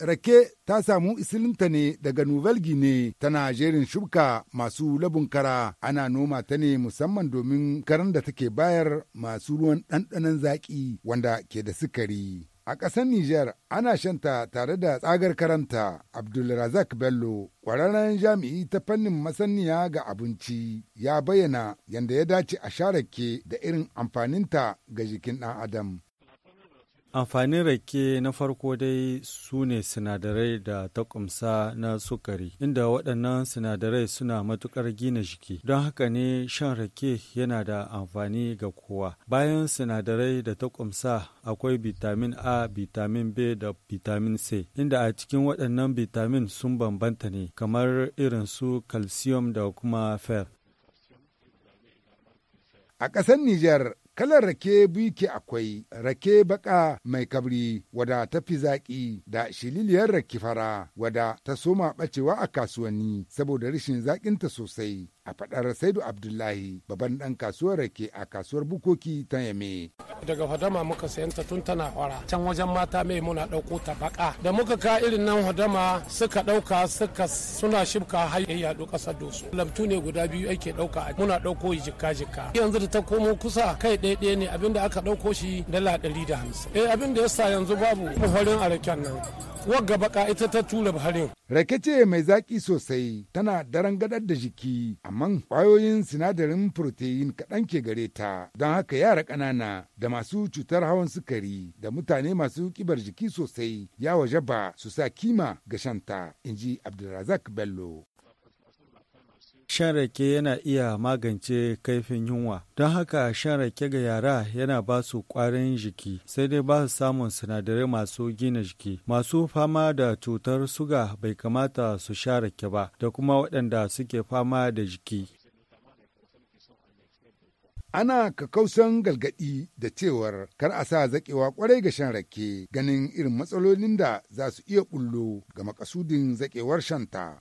Rake ta samu isilinta ne daga Nouvelle Guinea tana jerin shuka masu labun kara ana noma ta ne musamman domin karan da take bayar masu ruwan ɗanɗanon zaƙi wanda ke da sukari. A ƙasar Nijar ana shanta tare da tsagar karanta Abdulrazak Bello, ƙwararren jami'i ta fannin masaniya ga abinci, ya bayyana yadda ya dace a sharake da irin amfaninta ga jikin ɗan Adam. Amfanin rake na farko dai su ne sinadarai da ta na sukari, inda waɗannan sinadarai suna matuƙar gina jiki. Don haka ne shan rake yana da amfani ga kowa. Bayan sinadarai da takumsa akwai bitamin A, bitamin B da bitamin C, inda a cikin waɗannan bitamin sun bambanta ne, kamar irin su calcium da kuma fer. A ƙasar Nijar, Kalar rake ke akwai rake baka mai kabri wada ta fi zaƙi da shililiyar rake fara wada ta soma ɓacewa a kasuwanni saboda rashin zaƙinta sosai a faɗar Saidu Abdullahi babban ɗan kasuwar rake a kasuwar Bukoki ta Yame. daga hadama muka sayan ta tun tana hora can wajen mata mai muna ɗauko ta baka da muka ka irin nan hadama suka ɗauka suka suna shibka har ya yaɗu ƙasar dosu lamtu ne guda biyu ake ɗauka muna ɗauko jikka jikka yanzu da ta komo kusa kai ɗaya ne abinda aka ɗauko shi dala ɗari da hamsin eh abinda yasa yanzu babu mahorin araken nan wagga baka ita ta tura harin. Rake ce mai zaƙi sosai tana daren gadar da jiki, amma kwayoyin sinadarin protein kaɗan ke gare ta, don haka yara ƙanana da masu cutar hawan sukari da mutane masu ƙibar jiki sosai ya waje ba su sa kima ga shanta, in ji Abdulrazak Bello. Shan rake yana iya magance kaifin yunwa, don haka shan rake ga yara yana ba su ƙwarin jiki, sai dai ba su samun sinadarai masu gina jiki. Masu fama da cutar suga bai kamata su sha rake ba, da kuma waɗanda suke fama da jiki. ana kakausan galgadi da cewar kar a sa zaƙewa kwarai ga shan rake ganin irin matsalolin da za su iya bullo ga makasudin zaƙewar shanta.